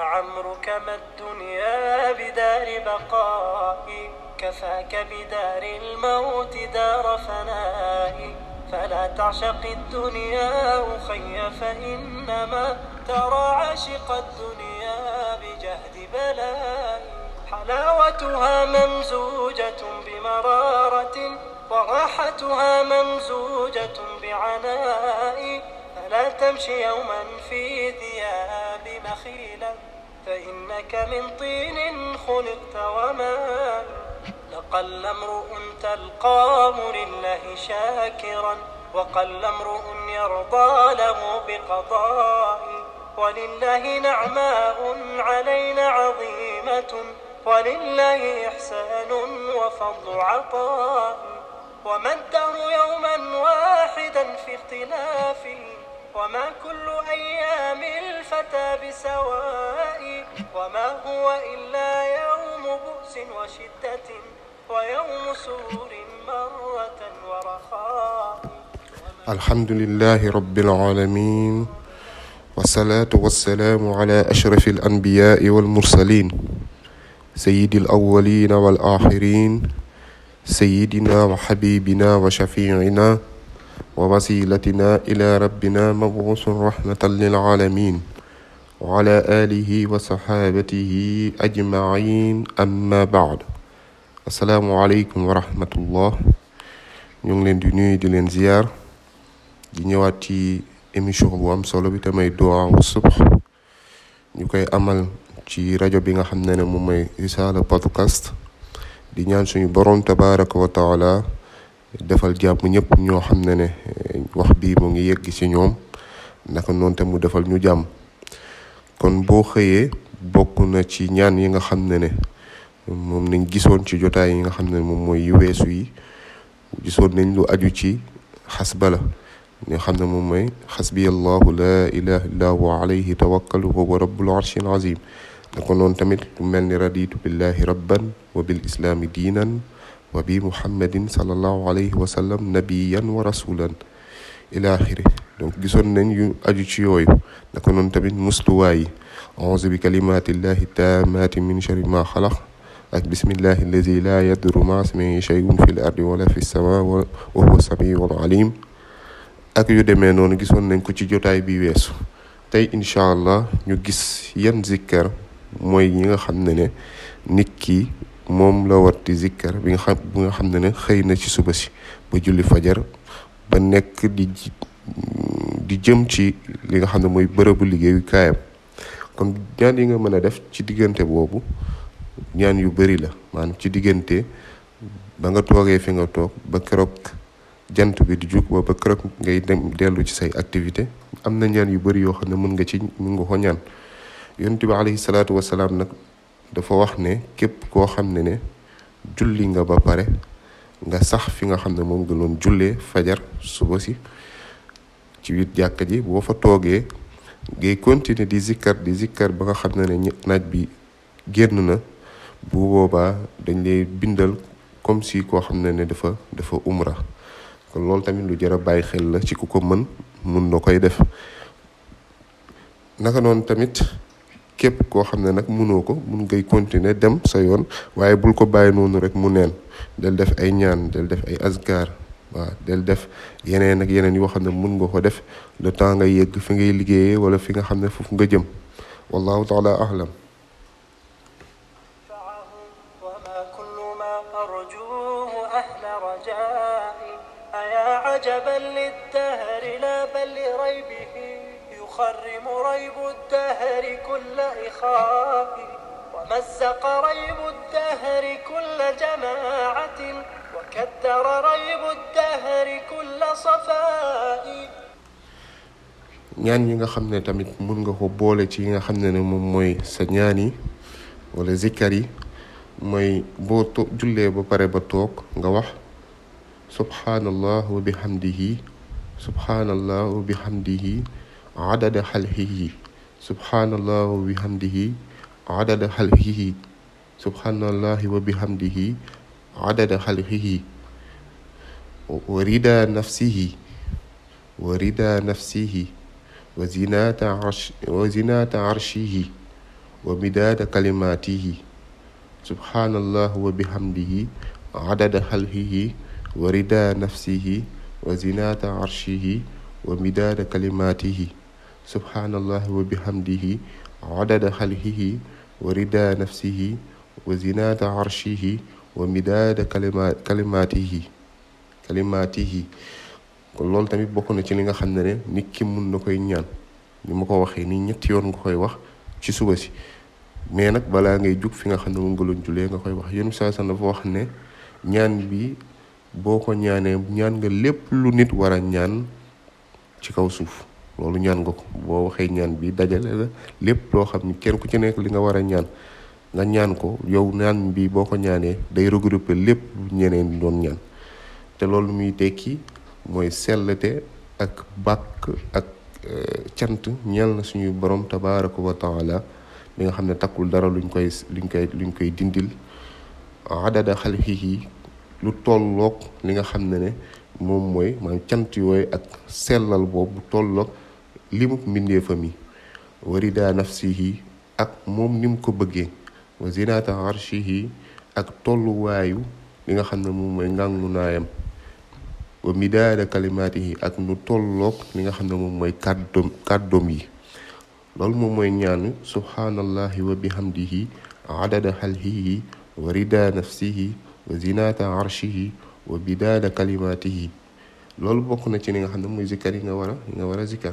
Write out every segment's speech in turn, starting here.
عمرك ما الدنيا بدار بقائي كفاك بدار الموت دار فنائي فلا تعشق الدنيا أخي فإنما ترى عاشق الدنيا بجهد بلاء حلاوتها ممزوجة بمرارة وراحتها ممزوجة بعناء فلا تمشي يوما في ثياب مخيلة فإنك من طين خلقت وما لقل امرؤ تلقى لله شاكرا وقل امرؤ يرضى له بقضاء ولله نعماء علينا عظيمة ولله إحسان وفضل عطاء وما الدهر يوما واحدا في اختلافه وما كل أيام الفتى بسوائه وما هو إلا يوم بؤس وشدة ويوم سرور مرة ورخاء الحمد لله رب العالمين والصلاة والسلام على أشرف الأنبياء والمرسلين سيد الأولين والآخرين سيدنا وحبيبنا وشفيعنا ووسيلتنا إلى ربنا مبعوث رحمة للعالمين wa ala alihi wa saxaabatihi ajmain amma baad asalaamualeykum wa rahmatullah ñu ngi leen di nuyu di leen ziyaar di ñëwaat ci émission bu am solo bi tamay duwaa subh ñu koy amal ci rajo bi nga xam ne ne moom mooy Risaala podcast di ñaan suñu borom tabaraka wa taala defal jàmm ñëpp ñoo xam ne ne eh, wax bii mu ngi yegg ci ñoom naka noonu te mu defal ñu jàmm kon boo xëyee bokk na ci ñaan yi nga xam ne ne moom nañ gisoon ci jotaay yi nga xam ne moom mooy yu weesu yi gisoon nañ lu aju ci xas bala nga xam ne moom mooy xasbi allahu laa ilaha illa huwa alayhi tawakkalu wa huwa rabbul arshil azim naka noonu tamit lu mel ni raditu billahi rabban wa bil islaami diinan wa bi muhammadin sallallahu alayhi wa sallam nabiyan wa rasulan ila donc gisoon nañ yu aju ci yooyu naka noonu tamit musluwaay yi auzu bi kalimatillahi ak bismillahi allazi la yadru ma ismihi shay'un fil ardi wala fi sama wa huwa samiul alim ak yu demee noonu gisoon nañ ko ci jotaay bi weesu tey incha allah ñu gis yan zikkar mooy yi nga xam ne ne nit ki moom la war di zikkar bi nga xam bi nga xam ne ne xëy na ci suba si ba julli fajar ba nekk di di jëm ci li nga xam ne mooy bërëbu liggéeyukaayam kon ñaan yi nga mën a def ci diggante boobu ñaan yu bari la maanaam ci diggante ba nga toogee fi nga toog ba keroog jant bi di jug ba ba keroog ngay dem dellu ci say activité am na ñaan yu bari yoo xam ne mën nga ci mën nga ko ñaan yonent bi alayhi salaatu wasalaam nag dafa wax ne képp koo xam ne ne julli nga ba pare nga sax fi nga xam ne moom nga doon jullee fajar suba si ci biir jàkka ji boo fa toogee ngay continuer di zikkar di zikkar ba nga xam ne ne naaj bi génn na bu boobaa dañ lay bindal comme si koo xam ne ne dafa dafa umra kon loolu tamit lu jar a bàyyi xel la ci ku ko mën mun na koy def naka noonu tamit képp koo xam ne nag mënoo ko mun ngay continuer dem sa yoon waaye bul ko bàyyi noonu rek mu neen del def ay ñaan del def ay asgar waaw del def yeneen ak yeneen yoo xam ne mun nga ko def le temps nga yegg fi ngay liggéeyee wala fi nga xam ne foofu nga jëm wallahu taala ahlam عجبا للدهر لا بل لريبه يخرم ريب الدهر كل إخاء ومزق ريب الدهر كل جماعة وكدر ريب الدهر كل صفاء ñaan yi nga xam ne tamit mun nga ko boole ci yi nga xam ne ne moom mooy sa ñaan yi wala zikkar yi mooy boo to jullee ba pare ba toog nga wax subhaanallah wa bihamdihi subhaanallah wa bihamdihi adada xalqihi subhaanallah wa bihamdihi adada xalqihi subhaanallahi wa bihamdihi عدد خلقه ورضا نفسه ورضا نفسه وزناة عرش وزناة عرشه ومداد كلماته سبحان الله وبحمده عدد خلقه ورضا نفسه وزناة عرشه ومداد كلماته سبحان الله وبحمده عدد خلقه ورضا نفسه وزناة عرشه wa midaada kalima kalimaatihi kalimaatihi kon loolu tamit bokk na ci li nga xam ne ne nit ki mun na koy ñaan ni ma ko waxee nii ñetti yoon nga koy wax ci suba si mais nag balaa ngay jug fi nga xam ne moom nga doon julee nga koy wax yéen saa sa dafa wax ne ñaan bi boo ko ñaanee ñaan nga lépp lu nit war a ñaan ci kaw suuf loolu ñaan nga ko boo waxee ñaan bii dajale la lépp loo xam ne kenn ku ci nekk li nga war a ñaan nga ñaan ko yow ñaan bi boo ko ñaanee day regrouper lépp ñeneen doon ñaan te loolu muy tekki mooy sellate ak bàkk ak eh, cant ñeel na suñu borom tabaraka wa taala bi nga xam ne takkul dara luñ koy luñ koy luñ koy dindil adada xalxihi lu tolloog li nga xam ne ne moom mooy maanaam cant yooyu ak sellal boobu tolloog limub mbindeefam yi warida nafsihi ak moom ni mu ko bëggee wa zinaata arshihi ak tolluwaayu li nga xam ne moom mooy ngàngu naayam wa midaada kalimaatihi ak nu tolloog li nga xam ne moom mooy kàddoom kàddoom yi loolu moom mooy ñaan subhaanallahi wa bihamdihi adada xalxihi wa rida nafsihi wa zinaata arshihi wa bidaada kalimaatihi loolu bokk na ci li nga xam ne mooy zikkar yi nga war a nga war a zikkar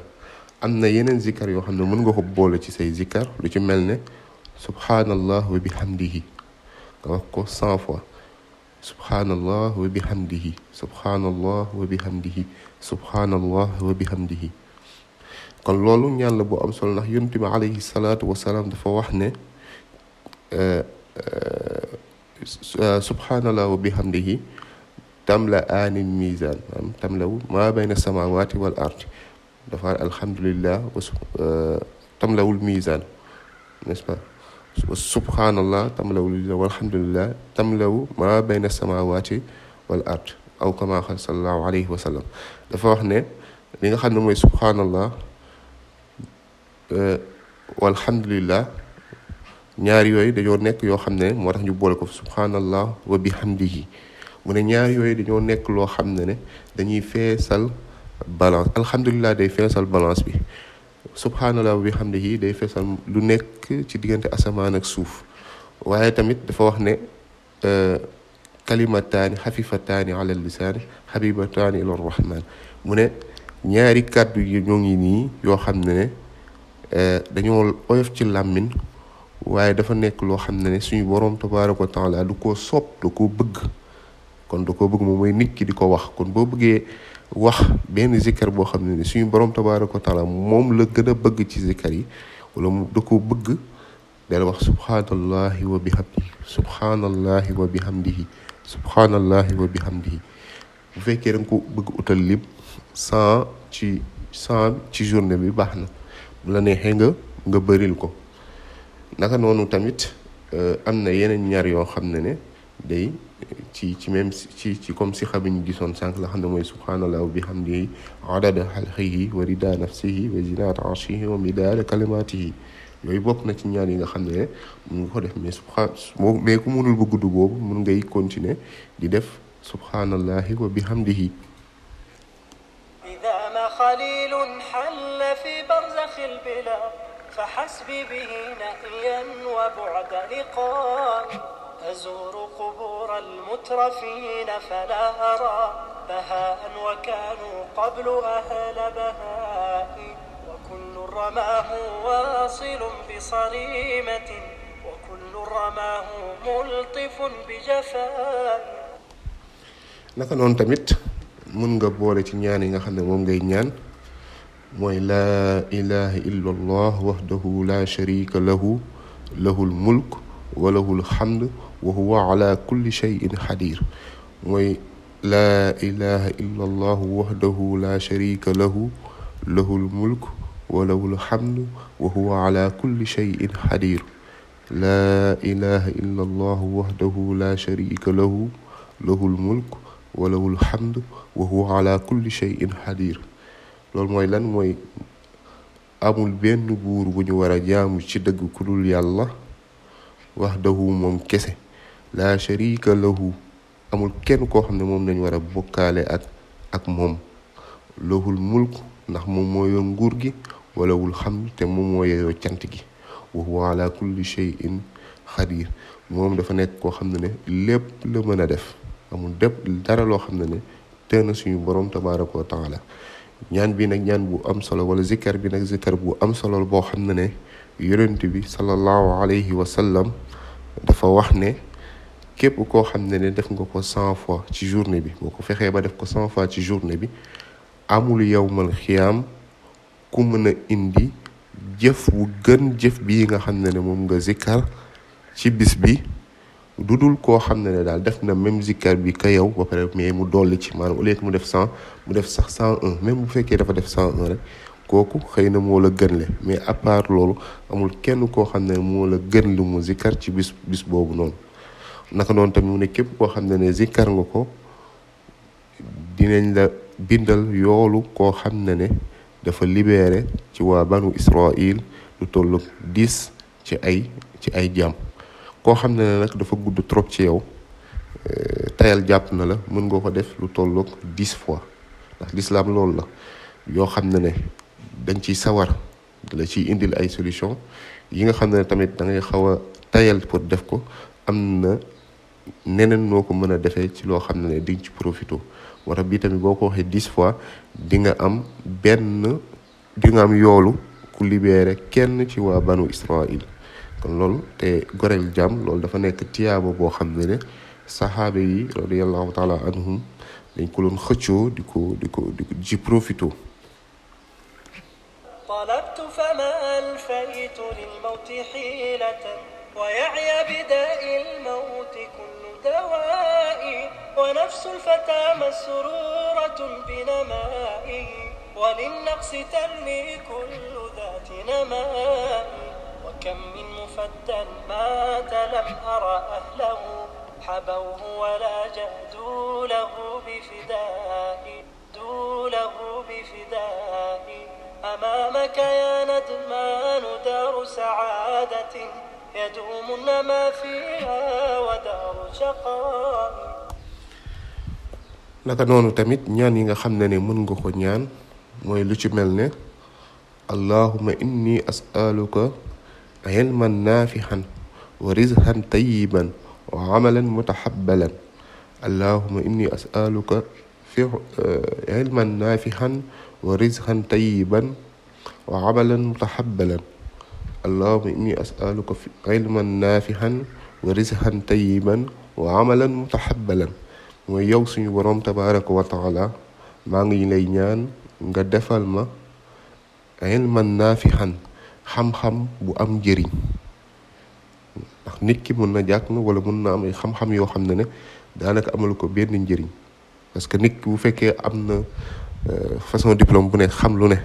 am na yeneen zikkar yoo xam ne mën nga ko boole ci say zikkar lu ci mel ne subhanallah wa bihamdihi nga wax ko cent fois subhanallah wa bihamdihi subhanallah wa bihamdihi subhanallah wa bihamdihi kon loolu ñaan la bu am solo ndax yonent bi alayhi salaatu wasalaam dafa wax ne eh, eh, eh, subhanallah wa bihamdihi tamla aanil mizaan maanaam tamlawu maa bayna samaawaati wal ard dafa alhamdulillah wa tamlawul mizaan n'est-ce pas subhanallah tamlaw walhamdulillah tamlaw ma bayna samawati wal ard aw kama qala sallallahu alayhi wa dafa wax ne li nga xam ne mooy subhanallah euh, walhamdulillah ñaar yooyu dañoo nekk yoo xam ne moo tax ñu boole ko subhanallah wa bihamdihi ne ñaar yooyu dañoo nekk loo xam ne ne dañuy feesal balance alhamdulillah day feesal balance bi subhanallah bi xam ne yii day feesal lu nekk ci diggante asamaan ak suuf waaye tamit dafa wax ne euh, kalimataani xafifataani ala lisaani xabibataani ila rahman mu ne ñaari kàddu yi ñoo ngi nii yoo xam ne ne euh, dañoo oyof ci làmmiñ waaye dafa nekk loo xam ne ne suñu boroom tabaraka wa taala du ko sopp du ko bëgg kon da ko bëgg moom mooy nit ki di ko wax kon boo bëggee wax benn zikkar boo xam ne ni suñu borom tabaaraka wa taala moom la gën a bëgg ci zikkar yi wala mu da ko bëgg dal wax subhaanallahi wa bihamdihi subhaanallahi wa bihamdihi subhaanallahi wa bihamdihi bu fekkee da nga ko bëgg utal lim cent ci cent ci journée bi baax na bu la neexee nga nga ko naka noonu tamit euh, am na yeneen ñaar yoo xam ne ne day ci ci même ci ci comme si xabiñu gisoon sànq la xam ne mooy subhaanallah wa bihamdihi adada xalqihi wa rida nafsihi wa zinat arshihi wa midada kalimatihi yooyu bokk na ci ñaan yi nga xam ne mun nga ko def mais subhaan mais ku mënul bu gudd boobu mun ngay continuer di def subhaanallahi wa bihamdihi idama xalilun xalla fi barzaxil bila fa xasbi bihi naiyan wa bu'da liqaa أزور قبور المترفين فلا أرى بهاء وكانوا قبل أهل بهائي وكل رماه واصل بصريمة وكل رماه ملطف بجفاء naka noonu tamit mën nga boole ci ñaan yi nga xam ne moom ngay ñaan mooy laa ilaha illa allah wahdahu la sharika lahu lahul mulk walahul xamd wa huwa ala kulli cheyin xadir mooy laa ilaha illa allahu waxdahu la sharika lahu lahul mulk wa lahul xamd wa huwa ala kulli cheyin xadir laa ilaha illa allahu waxdahu la sharika lahu lahul mulk wa lahul xamd wa huwa ala kulli cheyin xadir loolu mooy lan mooy amul benn buur bu ñu war a jaamu ci dëgg ku dul yàlla wax wahdahu moom kese la sharika lahu amul kenn koo xam ne moom lañ war a bokkaale ak ak moom lahul mulk ndax moom mooy yor nguur gi walawul xam te moom moo yeyoo cant gi wa huwa ala kulli shay'in xadir moom dafa nekk koo xam ne ne lépp la mën a def amul dépp dara loo xam ne ne na suñu borom tabaraka wa taala ñaan bi nag ñaan bu am solo wala zikkar bi nag zikkar bu am solo boo xam ne ne yonent bi sallallahu alayhi wa sallam dafa wax ne képp koo xam ne ne def nga ko cent fois ci journée bi boo ko fexee ba def ko cent fois ci journée bi amul yowmal xiyaam ku mën a indi jëf bu gën jëf bii nga xam ne ne moom nga zikkar ci bis bi dudul koo xam ne ne daal def na même zikkar bi ka yow ba pare mais mu dolli ci maanaam au mu def cent mu def sax cent un même bu fekkee dafa def cent un rek kooku xëy na moo la gën le mais à part loolu amul kenn koo xam ne moo la gën li mu zikkar ci bis boobu noonu naka noonu tamit mu ne képp koo xam ne ne zikkar nga ko dinañ la bindal yoolu koo xam ne ne dafa libéré ci waa banu Israil lu tollu diis ci ay ci ay jàmm koo xam ne ne nag dafa gudd trop ci yow euh, tayal jàpp na la mën nga ko def lu tolloog dix fois ndax lislaam loolu la yoo xam ne ne dañ ciy sawar la ciy indil ay solution yi nga xam ne tamit dangay ngay xaw a tayal pour def ko am na neneen noo ko mën a defee ci loo xam ne di ci profito moo tax bii tamit boo ko waxee diis fois di nga am benn dinga am yoolu ku libéré kenn ci waa banu Israël kon loolu te goreel jàmm loolu dafa nekk tiyaaba boo xam ne ne saxaaba yi radiyallahu taala anhum dañ ko doon xëccoo di ko di ko di ko ci profito فما ألفيت للموت حيلة ويعيا بداء الموت كل دوائي ونفس الفتى مسرورة بنمائي وللنقص ترمي كل ذات نمائي وكم من مفتى مات لم أرى أهله حبوه ولا جهدوا له بفدائي دوا له بفدائي أمامك يا ندمان دار سعادة يدومن ما فيها ودار شقاء naka noonu tamit ñaan yi nga xam ne ne mën nga ko ñaan mooy lu ci mel ne allahuma inni as'aluka ilman naafihan wa rizqan tayyiban wa amalan mutahabbalan allahuma inni as'aluka fi eh, ilman naafihan wa rizqan tayyiban wa amalan mutahabbalan allahumma inni as'aluka ilman naafi'an wa rizqan tayyiban wa amalan mutahabbalan mooy yow suñu boroom tabaraka wa taala maa ngi lay ñaan nga defal ma ilman naafi'an xam-xam bu am njëriñ ndax nit ki mun na jàkk wala mun na am ay xam-xam yoo xam ne ne daanaka amalu ko benn njëriñ parce que nit ki fekkee am na façon diplome bu ne xam lu ne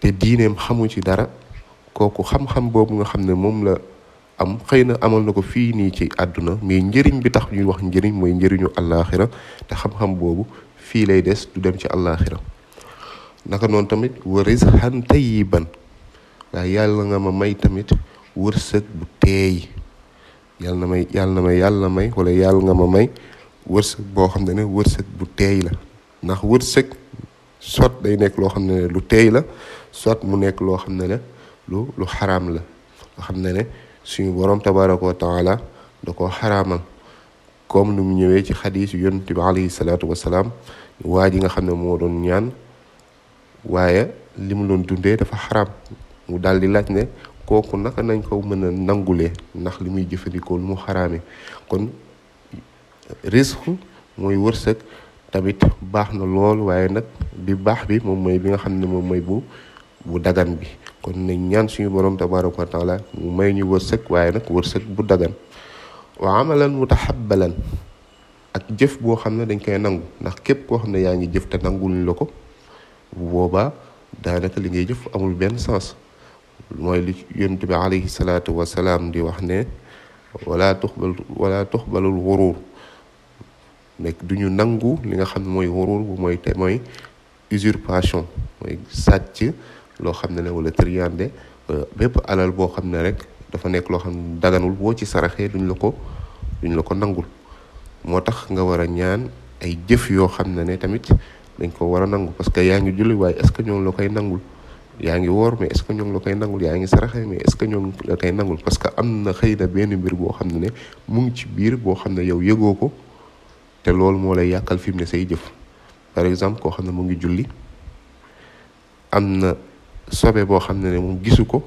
te diineem xamu ci dara kooku xam-xam boobu nga xam ne moom la am xëy na amal na ko fii nii ci àdduna mais njëriñ bi tax ñuy wax njëriñ mooy njëriñu àllaaxira te xam-xam boobu fii lay des du dem ci àllaaxira naka noonu tamit wa rizqan tayyiban waaye yàlla nga ma may tamit wërsëg bu teey yàlla na may yàlla na may yàlla may wala yàlla nga ma may wërsëg boo xam ne ne wërsëg bu teey la ndax wërsëg soit day nekk loo xam ne lu teey la soit mu nekk loo xam ne ne lu lu xaraam la xam ne ne suñu borom tabaraka wa taala da koo xaraamam comme nu mu ñëwee ci xadiis yu yonent bi alayhi salaatu wasalaam waa ji nga xam ne moo doon ñaan waaye li mu doon dundee dafa xaraam mu daal di laaj ne kooku naka nañ ko mën a nangulee ndax li muy jëfandikoo lu mu xaraame kon risque mooy wërsëg tamit baax na lool waaye nag bi baax bi moom mooy bi nga xam ne moom mooy bu bu dagan bi kon nañ ñaan suñu borom tabaraka wa taala mu may ñu wërsëg waaye nag wërsëg bu dagan wa amalan mutahabbalan ak jëf boo xam ne dañ koy nangu ndax képp koo xam ne yaa ngi jëf te nanguluñ la ko bu boobaa daanaka li ngay jëf amul benn sens mooy li yonent bi alayhi salaatu wasalaam di wax ne walaa tuxbal wala tuxbalul wuruur mais du ñu nangu li nga xam ne mooy wóorul bu mooy te mooy usurpation mooy sàcc loo xam ne ne wala triande euh, bépp alal boo xam ne rek dafa nekk loo xam ne daganul boo ci saraxee duñ la ko duñ la ko nangul moo tax nga war a ñaan ay jëf yoo xam ne ne tamit dañ ko war a nangu parce que yaa ngi julli waaye est-ce que ñoom la koy nangul yaa ngi woor mais est-ce que ñoo la koy nangul yaa ngi saraxee mais est-ce que ñoo ngi la koy nangul parce que am na xëy na benn mbir boo xam ne ne mu ngi ci biir boo xam ne yow yëgoo ko te loolu moo lay yàqal fi mu ne say jëf par exemple koo xam ne mu ngi julli am na sobe boo xam ne ne moom gisu ko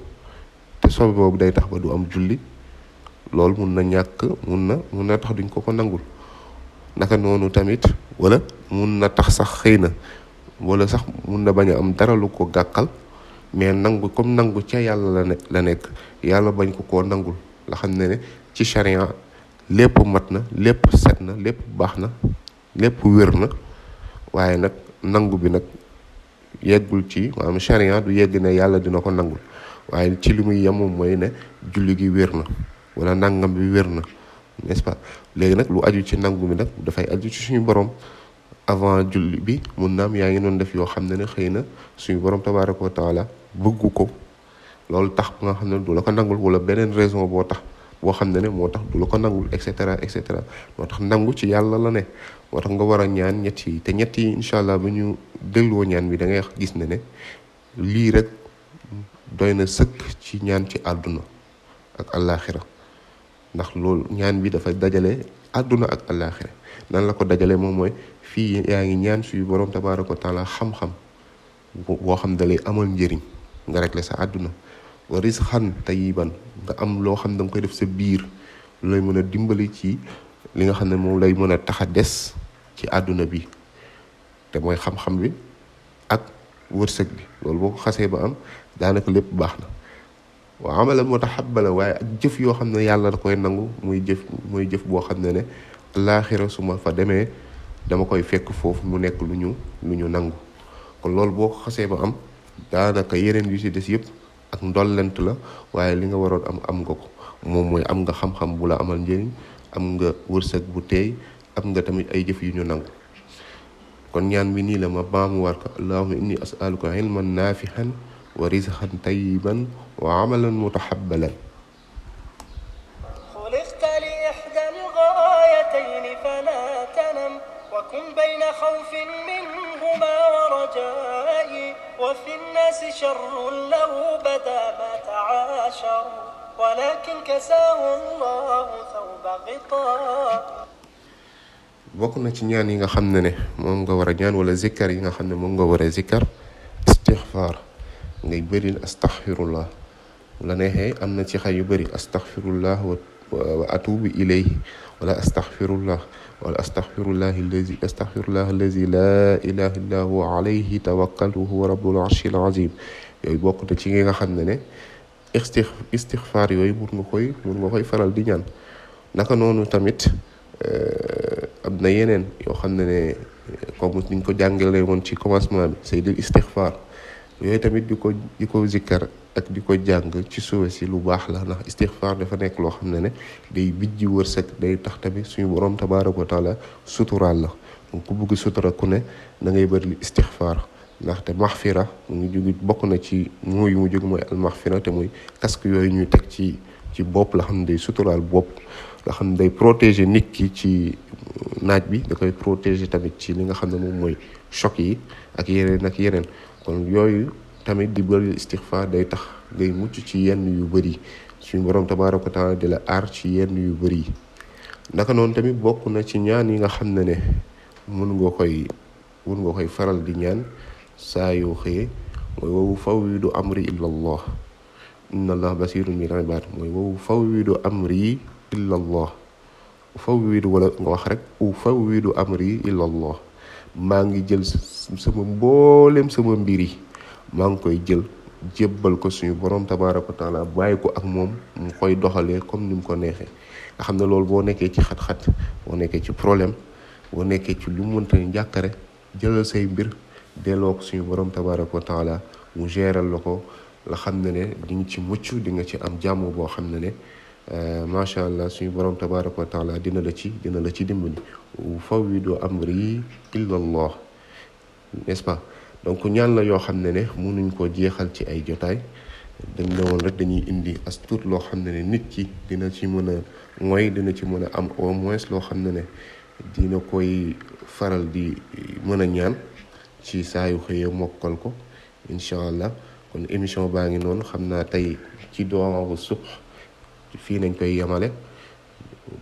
te sobe boobu day tax ba du am julli loolu mun na ñàkk mun na mun na tax duñ ko ko nangul naka noonu tamit walla mun na tax sax xëy na wala sax mun na bañ am dara lu ko gàkkal mais nangu comme nangu ca yàlla la ne la nekk yàlla bañ ko koo nangul la xam ne ne ci charia lépp mat na lépp set na lépp baax na lépp wér na waaye nag nangu bi nag yeggul ci am charia du yegg ne yàlla dina ko nangul waaye ci li muy yem mooy ne julli gi wér na wala nangam bi wér na n'est-ce léegi nag lu aju ci nangu bi nag dafay aju ci suñu borom avant julli bi mun naam yaa ngi doon def yoo xam ne ne xëy na suñu borom tabaaraka wa taala bëggu ko loolu tax ba nga xam ne du la ko nangul wala beneen raison boo tax. boo xam ne ne moo tax du la ko nangul et cetera et cetera moo tax nangu ci yàlla la ne moo tax nga war a ñaan ñetti yi te ñetti yi incha allah bu ñu delloo ñaan bi da ngay gis ne ne lii rek doy na sëkk ci ñaan ci àdduna ak àllaaxira ndax loolu ñaan bi dafa dajale àdduna ak àllaaxira nan la ko dajale moom mooy fii yaa ngi ñaan suy borom tabaaraka taala xam-xam boo xam dalay amal njëriñ nga régler sa àdduna wa rizqan tayyiban nga am loo xam da nga koy def sa biir lay mën a dimbali ci li nga xam ne moom lay mën a tax a des ci àdduna bi te mooy xam-xam bi ak wërsëg bi loolu boo ko xasee ba am daanaka lépp baax na waaw amala moo tax xabbala waaye ak jëf yoo xam ne yàlla da koy nangu muy jëf muy jëf boo xam ne ne laaxira suma fa demee dama koy fekk foofu mu nekk lu ñu lu ñu nangu kon loolu boo xasee ba am daanaka yeneen yu ci des yëpp ak ndollent la waaye li nga waroon am am nga ko moom mooy am nga xam-xam bu la amal njëriñ am nga wërsëg bu teey am nga tamit ay jëf yu ñu nangu kon ñaan bi nii la ma baamu war ko allahuma inni asaluka ilman naafihan wa rizqan tayyiban wa amalan mutahabbalan خلقت لإحدى الغايتين فلا تنم وكن بين خوف منهما ورجاء وفي الناس bokk na ci ñaan yi nga xam ne ne moom nga war a ñaan wala yi nga xam ne moom nga war a zikkar istixfaar ngay bëril astaxfirullah la am na ci xay yu bëri astaxfirullah wa atubu ilayhi wala astaxfirullah wala astaxfirullahi allazi astaxfirullahi allazi laa ilaha illa huwa alayhi tawakkaltu huwa rabbul arshil azim yooyu bokk na ci nga xam ne ne istix istixfaar yooyu mun nga koy mun nga koy faral di ñaan ndaka noonu tamit eh, am na yeneen yoo xam ne ne comme niñ ko jàngale woon ci commencement bi sayyidul istixfaar yooyu tamit di ko di ko zikkar ak di ko jàng ci suwe si lu baax la ndax istixfaar dafa nekk loo xam ne ne day bijji wërsëg day tax tamit suñu boroom tabaaraka wa taala suturaal la donc ku bëgg sutura ku ne da ngay bëri li istixfaar ndaxte fiira mu ngi jóg bokk na ci mooyu mu jóg mooy almaxfira te muy casque yooyu ñuy teg ci ci bopp la xam ne day suturaal bopp nga xam ne day protéger nit ki ci naaj bi da koy protéger tamit ci li nga xam ne moom mooy choc yi ak yeneen ak yeneen kon yooyu tamit di bëri istixfaar day tax ngay mucc ci yenn yu bëri suñu borom tabaaraka taala di la aar ci yenn yu bëri ndaka noonu tamit bokk na ci ñaan yi nga xam ne ne mun nga koy mun koy faral di ñaan saa yoo xëyee mooy wowu fawwidu amri illallah inna mooy wowu fawwidu amri illallah ufawwidu wala nga wax rek ufawwidu amri illallah maa ngi jël sama mboolem sama mbir yi maa ngi koy jël jébbal ko suñu borom tabaaraka wa taala bàyyi ko ak moom mu koy doxalee comme ni mu ko neexee nga xam ne loolu boo nekkee ci xat-xat boo nekkee ci problème boo nekkee ci lu mënta njàkkare jëlal say mbir delloo ko suñu borom tabaaraka wa taala mu géral la ko la xam ne ne di ci mucc di nga ci am jàmm boo xam ne ne euh, macha allah suñu borom tabaaraka wa dina la ci dina la ci dimbali fawwidu amri illallah n'est-ce pas donc ñaan la yoo xam ne ne mënuñ koo jeexal ci ay jotaay dañ ne woon rek dañuy indi as tuut loo xam ne ne nit ki dina ci mën a mooy dina ci mën a am au moins loo xam ne ne dina koy faral di mën a ñaan ci saa yu xëyee mokkal ko incha allah kon émission baa ngi noonu xam naa tey ci doawu subh fii nañ koy yemale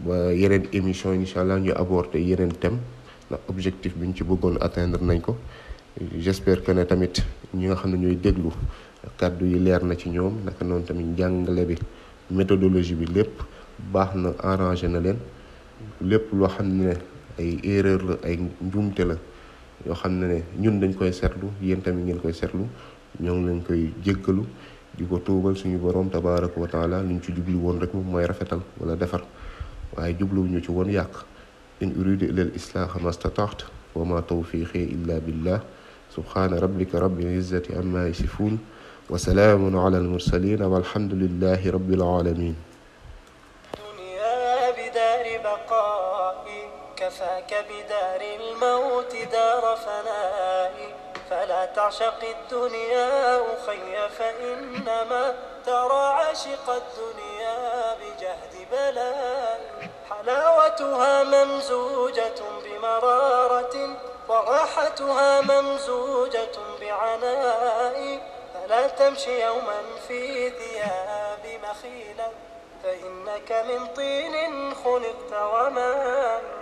ba yeneen émission incha allah ñu aborder yeneen thème ndax objectif bi ñu ci bëggoon atteindre nañ ko j'espère que ne tamit ñi nga xam ne ñooy déglu kàddu yi leer na ci ñoom naka noonu tamit njàngale bi méthodologie bi lépp baax na arrangé na leen lépp loo xam ne ay erreur la ay njuumte la yoo xam ne ne ñun dañ koy seetlu yéen tamit ngeen koy seetlu ñoo ngi koy jéggalu di ko tuubal suñu borom tabaraka wa taala luñ ci jublu woon rek moom mooy rafetal wala defar waaye jubluwuñu ci woon yàq in uridu ila al islaaha mastataxt wa ma tawfiqi illa billah subhaana rabbika rabbil izzati amma yasifuun wa salaamun ala almursaliin walhamdulillahi rabbil aalamiin كفاك بدار الموت دار فناء فلا تعشق الدنيا أخي فإنما ترى عاشق الدنيا بجهد بلاء حلاوتها ممزوجة بمرارة ورائحتها ممزوجة بعنائي فلا تمش يوما في ثياب مخيلا فإنك من طين خلقت ومن